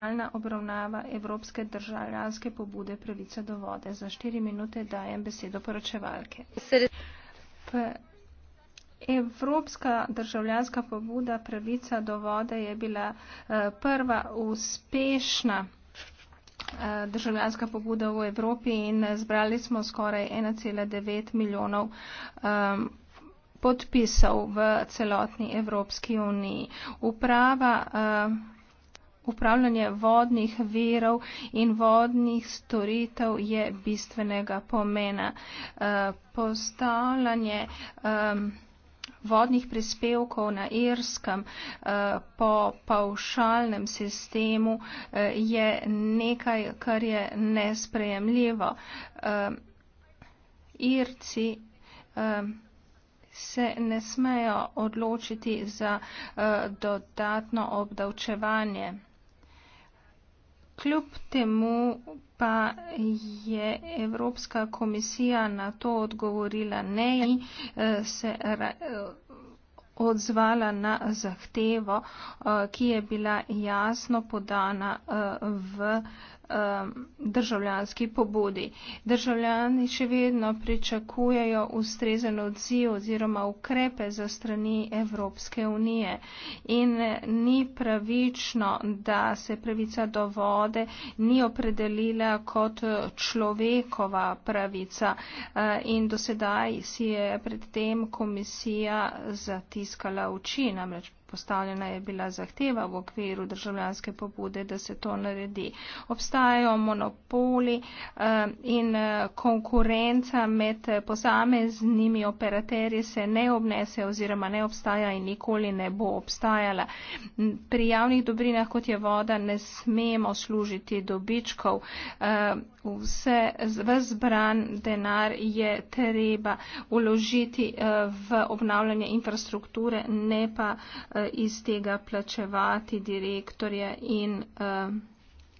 nadaljna obravnava Evropske državljanske pobude pravice do vode. Za štiri minute dajem besedo poročevalke. P Evropska državljanska pobuda pravica do vode je bila eh, prva uspešna eh, državljanska pobuda v Evropi in zbrali smo skoraj 1,9 milijonov um, podpisov v celotni Evropski uniji. Uprava um, upravljanje vodnih verov in vodnih storitev je bistvenega pomena. Eh, Postavljanje ehm, vodnih prispevkov na Irskem eh, po paušalnem sistemu eh, je nekaj, kar je nesprejemljivo. Ehm, Irci ehm, se ne smejo odločiti za dodatno obdavčevanje. Kljub temu pa je Evropska komisija na to odgovorila ne in eh, se eh, odzvala na zahtevo, eh, ki je bila jasno podana v um, državljanski pobudi. Državljani še vedno pričakujejo ustrezen odziv oziroma ukrepe za strani Evropske unije in eh, ni pravično, da se pravica do vode ni opredelila kot eh, človekova pravica eh, in dosedaj si je predtem komisija zatiskala oči, namreč Postavljena je bila zahteva v okviru državljanske pobude, da se to naredi. Obstajajo monopoli eh, in eh, konkurenca med posameznimi operaterji se ne obnese oziroma ne obstaja in nikoli ne bo obstajala. Pri javnih dobrinah, kot je voda, ne smemo služiti dobičkov. Eh, vse, vzbran denar je treba uložiti v obnavljanje infrastrukture, ne pa Eh, iz tega plačevati direktorje in eh,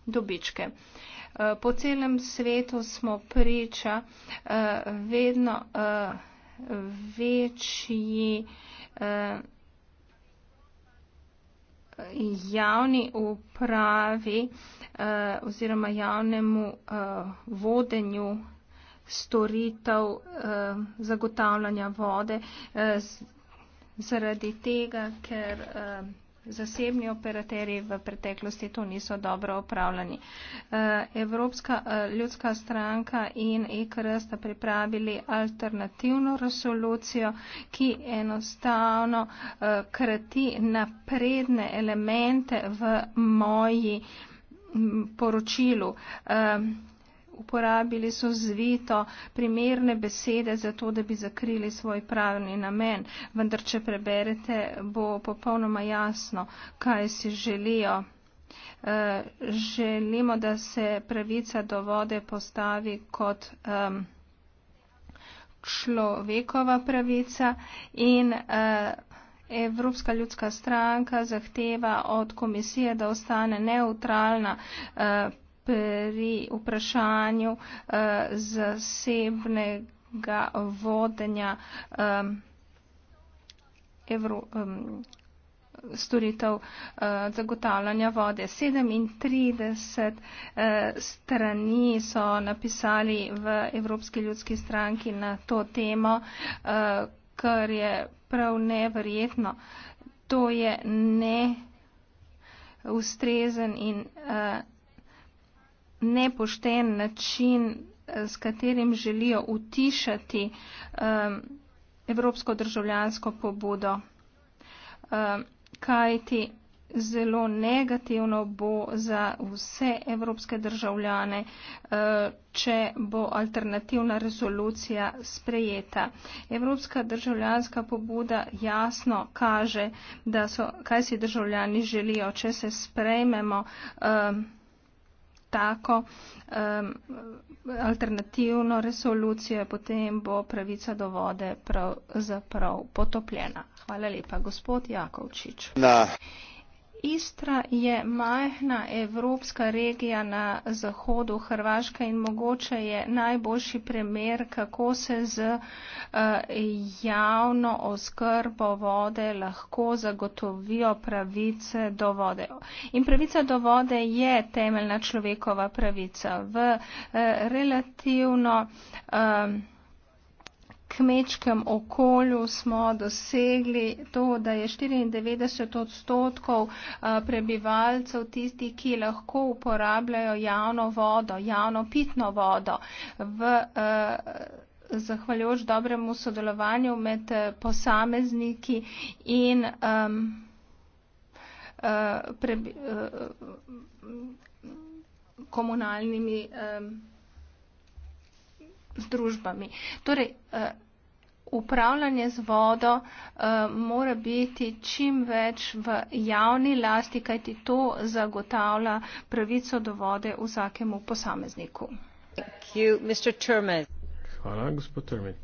dobičke. Eh, po celem svetu smo priča vedno večji javni upravi oziroma javnemu vodenju storitev zagotavljanja vode zaradi tega, ker eh, zasebni operaterji v preteklosti to niso dobro opravljani. Eh, Evropska eh, ljudska stranka in EKR sta pripravili alternativno resolucijo, ki enostavno krati napredne elemente v moji poročilu uporabili so zvito primerne besede za to, da bi zakrili svoj pravni namen. Vendar, če preberete, bo popolnoma jasno, kaj si želijo. E, želimo, da se pravica do vode postavi kot. Um, človekova pravica in eh, Evropska ljudska stranka zahteva od komisije, da ostane neutralna eh, pri vprašanju eh, zasebnega vodenja eh, evro, eh, storitev eh, zagotavljanja vode. 37 eh, strani so napisali v Evropski ljudski stranki na to temo, eh, kar je prav neverjetno. To je ne ustrezen in eh, nepošten način, eh, s katerim želijo utišati eh, evropsko državljansko pobudo. Eh, kaj ti zelo negativno bo za vse evropske državljane, če bo alternativna rezolucija sprejeta. Evropska državljanska pobuda jasno kaže, so, kaj si državljani želijo, če se sprejmemo. Uh, tako um, alternativno resolucijo, potem bo pravica do vode pravzaprav potopljena. Hvala lepa, gospod Jakovčič. Na. Istra je majhna evropska regija na zahodu Hrvaške in mogoče je najboljši primer, kako se z eh, javno oskrbo vode lahko zagotovijo pravice do vode. In pravica do vode je temeljna človekova pravica. V eh, relativno um, kmečkem okolju smo dosegli to, da je 94 odstotkov prebivalcev tisti, ki lahko uporabljajo javno vodo, javno pitno vodo. V, zahvaljujoč dobremu sodelovanju med posamezniki in um, pre, uh, komunalnimi um, združbami. Torej, eh, Upravljanje z vodo uh, mora biti čim več v javni lasti, kajti to zagotavlja pravico do vode vsakemu posamezniku. You, Hvala, gospod Termet.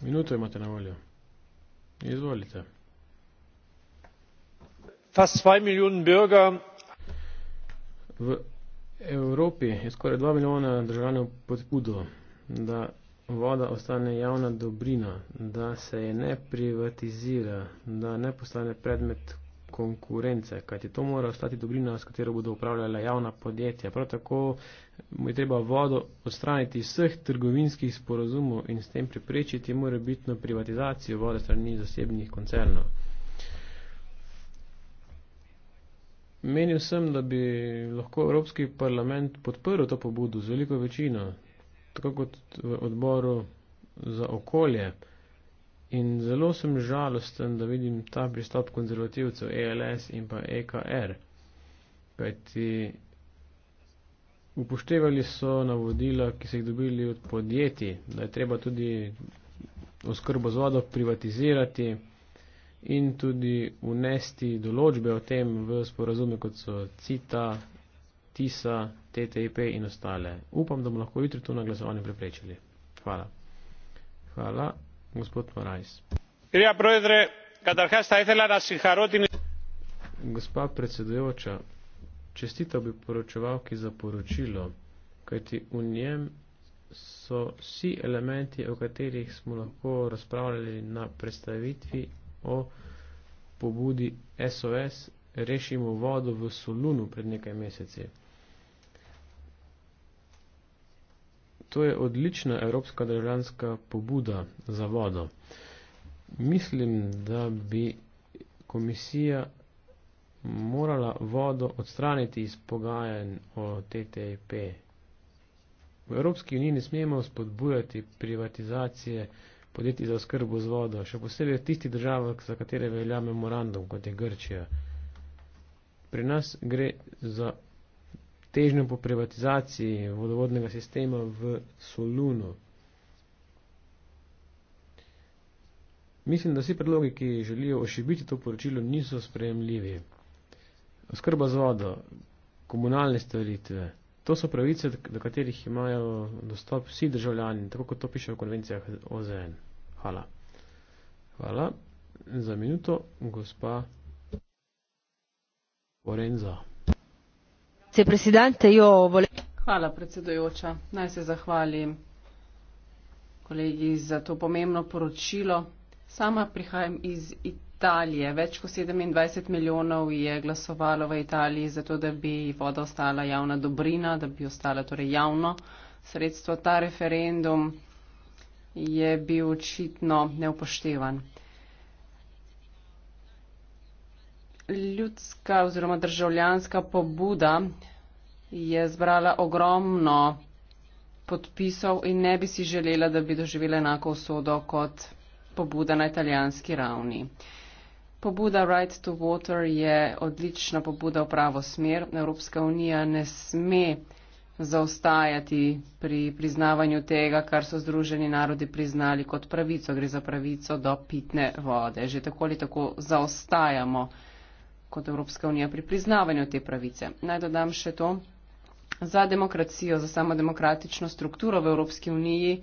Minuto imate na voljo. Izvolite. Fast 2 milijon bürger. V Evropi je skoraj 2 milijona državljanov pod hudo, da voda ostane javna dobrina, da se je ne privatizira, da ne postane predmet konkurence, kajti to mora ostati dobrina, s katero bodo upravljala javna podjetja. Prav tako je treba vodo odstraniti iz vseh trgovinskih sporozumov in s tem preprečiti morebitno privatizacijo vode strani zasebnih koncernov. Menil sem, da bi lahko Evropski parlament podprl to pobudo z veliko večino, tako kot v odboru za okolje. In zelo sem žalosten, da vidim ta pristop konzervativcev ELS in pa EKR, kajti upoštevali so navodila, ki so jih dobili od podjetij, da je treba tudi oskrbo z vodo privatizirati in tudi unesti določbe o tem v sporazume, kot so CITA, TISA, TTIP in ostale. Upam, da bomo lahko jutri to na glasovanju preprečili. Hvala. Hvala, gospod Morais. Gospa predsedujoča, čestita bi poročevalki za poročilo, kajti v njem so vsi elementi, o katerih smo lahko razpravljali na predstavitvi o pobudi SOS rešimo vodo v Solunu pred nekaj meseci. To je odlična evropska državljanska pobuda za vodo. Mislim, da bi komisija morala vodo odstraniti iz pogajanj o TTIP. V Evropski uniji ne smemo spodbujati privatizacije podjetij za oskrbo z vodo, še posebej tisti država, za katere velja memorandum, kot je Grčija. Pri nas gre za težnjo po privatizaciji vodovodnega sistema v Solunu. Mislim, da vsi predlogi, ki želijo ošibiti to poročilo, niso sprejemljivi. Oskrba z vodo, komunalne storitve. To so pravice, do katerih imajo dostop vsi državljani, tako kot to piše v konvencijah OZN. Hvala. Hvala. Za minuto, gospa Orenza. Hvala, predsedojoča. Naj se zahvalim kolegi za to pomembno poročilo. Sama prihajam iz Italije. Italije. Več kot 27 milijonov je glasovalo v Italiji za to, da bi voda ostala javna dobrina, da bi ostala torej javno sredstvo. Ta referendum je bil očitno neupoštevan. Ljudska oziroma državljanska pobuda je zbrala ogromno podpisov in ne bi si želela, da bi doživela enako usodo kot pobuda na italijanski ravni. Pobuda Right to Water je odlična pobuda v pravo smer. Evropska unija ne sme zaostajati pri priznavanju tega, kar so Združeni narodi priznali kot pravico. Gre za pravico do pitne vode. Že tako ali tako zaostajamo kot Evropska unija pri priznavanju te pravice. Naj dodam še to. Za demokracijo, za samodemokratično strukturo v Evropski uniji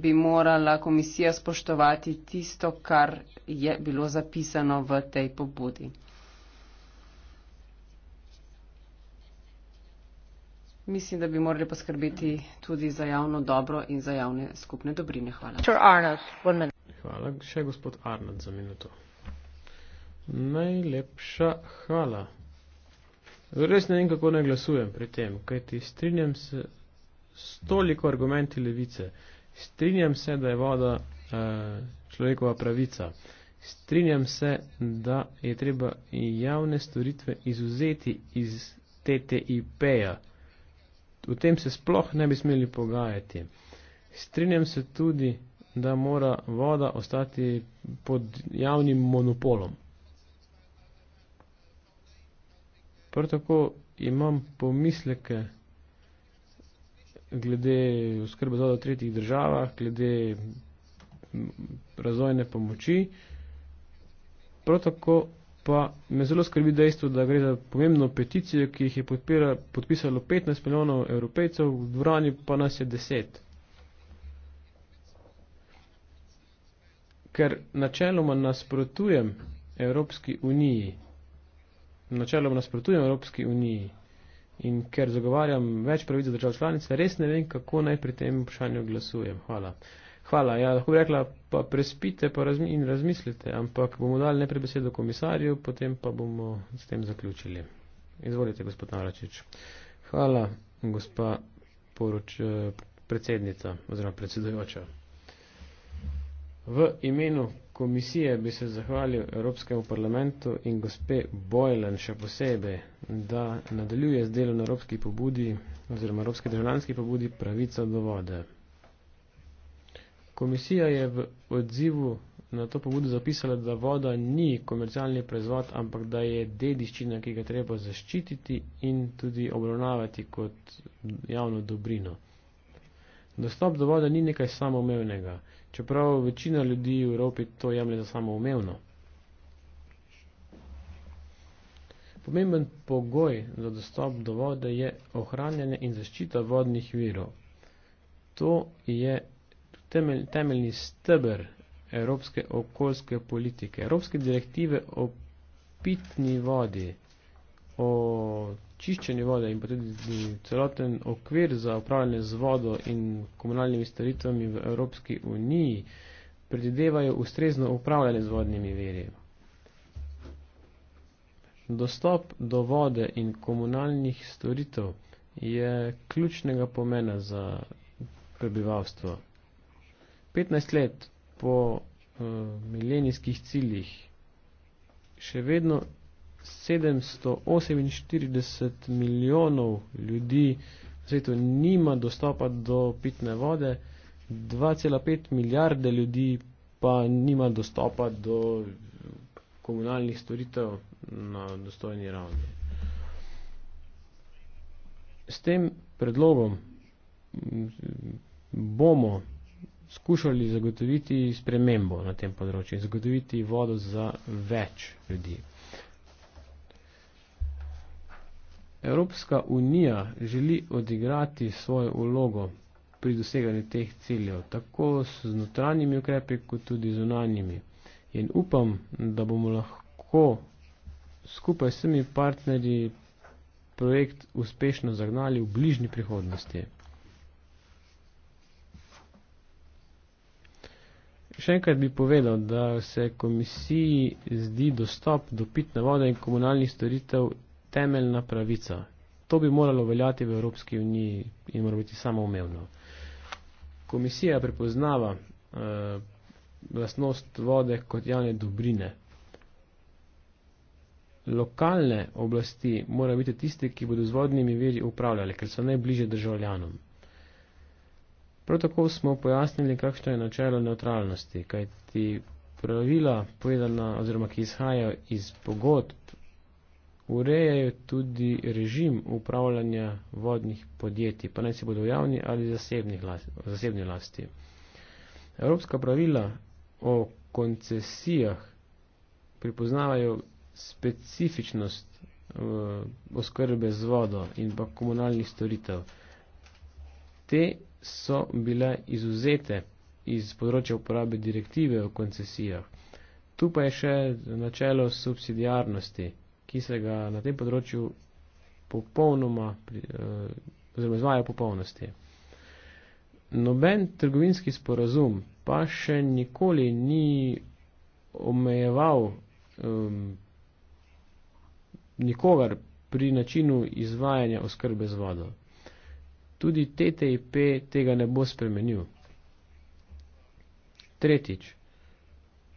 bi morala komisija spoštovati tisto, kar je bilo zapisano v tej pobudi. Mislim, da bi morali poskrbeti tudi za javno dobro in za javne skupne dobrine. Hvala. Hvala. Še gospod Arnold za minuto. Najlepša hvala. Res ne vem, kako naj glasujem pri tem, kajti strinjam se s toliko argumenti levice. Strinjam se, da je voda eh, človekova pravica. Strinjam se, da je treba javne storitve izuzeti iz TTIP-ja. O tem se sploh ne bi smeli pogajati. Strinjam se tudi, da mora voda ostati pod javnim monopolom. Prav tako imam pomisleke glede oskrbe zvoda v tretjih državah, glede razvojne pomoči. Prav tako pa me zelo skrbi dejstvo, da gre za pomembno peticijo, ki jih je podpira, podpisalo 15 milijonov evropejcev, v dvorani pa nas je 10. Ker načeloma nasprotujem Evropski uniji, načeloma nasprotujem Evropski uniji, In ker zagovarjam več pravic za držav članice, res ne vem, kako naj pri tem vprašanju glasujem. Hvala. Hvala. Ja, lahko bi rekla, pa prespite pa razmi in razmislite, ampak bomo dali najprej besedo komisarju, potem pa bomo s tem zaključili. Izvolite, gospod Navračič. Hvala, gospa poroč, eh, predsednica oziroma predsedujoča. V imenu komisije bi se zahvalil Evropskemu parlamentu in gospe Bojlen še posebej, da nadaljuje z delom Evropski pobudi oziroma Evropski državljanski pobudi pravica do vode. Komisija je v odzivu na to pobudo zapisala, da voda ni komercialni proizvod, ampak da je dediščina, ki ga treba zaščititi in tudi obravnavati kot javno dobrino. Dostop do vode ni nekaj samoumevnega čeprav večina ljudi v Evropi to jemlje za samoumevno. Pomemben pogoj za dostop do vode je ohranjanje in zaščita vodnih virov. To je temelj, temeljni stebr evropske okoljske politike. Evropske direktive o pitni vodi, o čiščenje vode in pa tudi celoten okvir za upravljanje z vodo in komunalnimi storitvami v Evropski uniji predvidevajo ustrezno upravljanje z vodnimi veri. Dostop do vode in komunalnih storitev je ključnega pomena za prebivalstvo. 15 let po uh, milenijskih ciljih še vedno 748 milijonov ljudi na svetu nima dostopa do pitne vode, 2,5 milijarde ljudi pa nima dostopa do komunalnih storitev na dostojni ravni. S tem predlogom mm, bomo skušali zagotoviti spremembo na tem področju in zagotoviti vodo za več ljudi. Evropska unija želi odigrati svojo vlogo pri doseganju teh ciljev, tako s notranjimi ukrepi, kot tudi z unanjimi. In upam, da bomo lahko skupaj s temi partnerji projekt uspešno zagnali v bližnji prihodnosti. Še enkrat bi povedal, da se komisiji zdi dostop do pitne vode in komunalnih storitev temeljna pravica. To bi moralo veljati v Evropski uniji in mora biti samoumevno. Komisija prepoznava eh, lasnost vode kot javne dobrine. Lokalne oblasti mora biti tiste, ki bodo z vodnimi veri upravljali, ker so najbliže državljanom. Prav tako smo pojasnili, kakšno je načelo neutralnosti, kajti pravila povedana oziroma ki izhajajo iz pogodb Urejajo tudi režim upravljanja vodnih podjetij, pa naj si bodo javni ali zasebni lasti. Evropska pravila o koncesijah pripoznavajo specifičnost eh, oskrbe z vodo in pa komunalnih storitev. Te so bile izuzete iz področja uporabe direktive o koncesijah. Tu pa je še načelo subsidijarnosti ki se ga na tem področju popolnoma, eh, oziroma izvaja v popolnosti. Noben trgovinski sporazum pa še nikoli ni omejeval um, nikogar pri načinu izvajanja oskrbe z vodo. Tudi TTIP tega ne bo spremenil. Tretjič.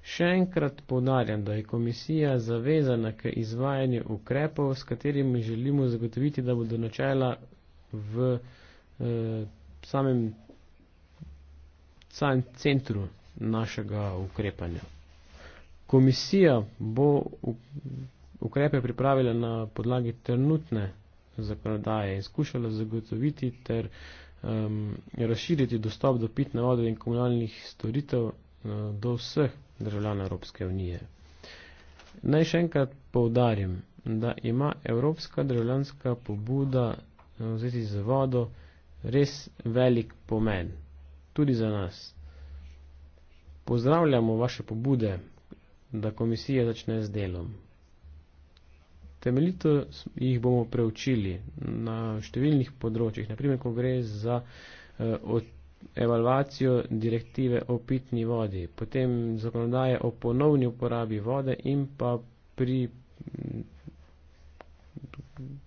Še enkrat povdarjam, da je komisija zavezana k izvajanju ukrepov, s katerimi želimo zagotoviti, da bodo načela v eh, samem, samem centru našega ukrepanja. Komisija bo ukrepe pripravila na podlagi trenutne zakonodaje in skušala zagotoviti ter um, razširiti dostop do pitne vode in komunalnih storitev uh, do vseh državljana Evropske unije. Naj še enkrat povdarim, da ima Evropska državljanska pobuda eh, v zvezi z vodo res velik pomen, tudi za nas. Pozdravljamo vaše pobude, da komisija začne z delom. Temeljito jih bomo preučili na številnih področjih, naprimer, ko gre za uh, evalvacijo direktive o pitni vodi, potem zakonodaje o ponovni uporabi vode in pa pri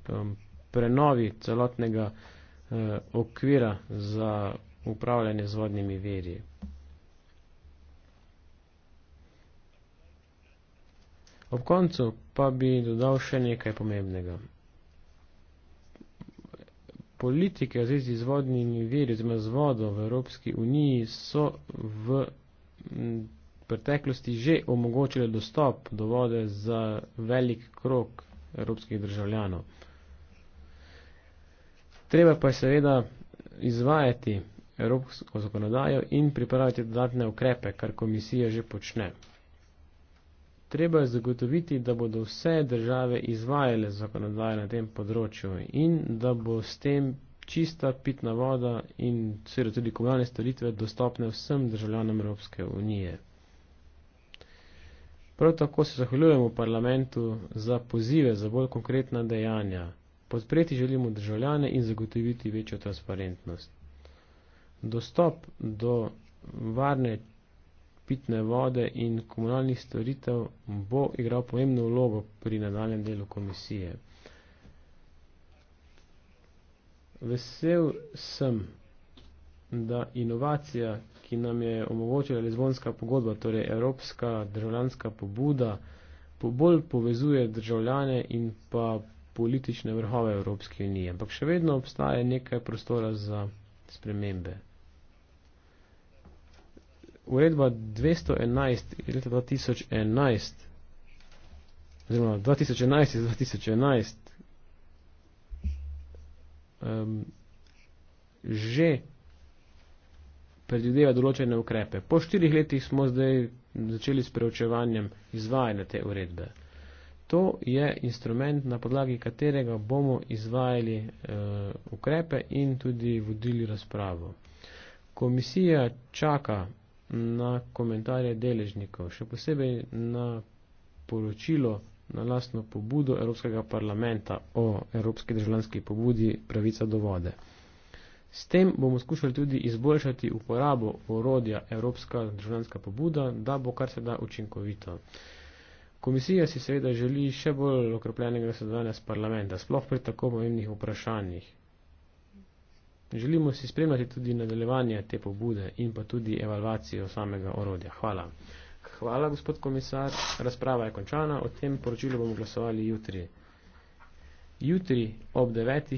um, prenovi celotnega uh, okvira za upravljanje z vodnimi verji. Ob koncu pa bi dodal še nekaj pomembnega politike v zvezi z vodnimi veri, oziroma z vodo v Evropski uniji, so v preteklosti že omogočile dostop do vode za velik krok evropskih državljanov. Treba pa je seveda izvajati evropsko zakonodajo in pripraviti dodatne ukrepe, kar komisija že počne. Treba je zagotoviti, da bodo vse države izvajale zakonodaje na tem področju in da bo s tem čista pitna voda in seveda tudi komunalne storitve dostopne vsem državljanom Evropske unije. Prav tako se zahvaljujemo parlamentu za pozive za bolj konkretna dejanja. Podpreti želimo državljane in zagotoviti večjo transparentnost. Dostop do varne pitne vode in komunalnih storitev bo igral pomembno vlogo pri nadaljem delu komisije. Vesel sem, da inovacija, ki nam je omogočila lezbonska pogodba, torej evropska državljanska pobuda, bolj povezuje državljane in pa politične vrhove Evropske unije. Ampak še vedno obstaja nekaj prostora za spremembe uredba 211 iz leta 2011, oziroma 2011 iz 2011, um, ehm, že predvideva določene ukrepe. Po štirih letih smo zdaj začeli s preučevanjem izvajanja te uredbe. To je instrument, na podlagi katerega bomo izvajali uh, ukrepe in tudi vodili razpravo. Komisija čaka na komentarje deležnikov, še posebej na poročilo na lastno pobudo Evropskega parlamenta o Evropski državljanski pobudi pravica do vode. S tem bomo skušali tudi izboljšati uporabo orodja Evropska državljanska pobuda, da bo kar se da učinkovito. Komisija si seveda želi še bolj okrepljenega sodelovanja s parlamenta, sploh pri tako pomembnih vprašanjih. Želimo si spremljati tudi nadaljevanje te pobude in pa tudi evalvacijo samega orodja. Hvala. Hvala, gospod komisar. Razprava je končana. O tem poročilu bomo glasovali jutri. Jutri ob devetih.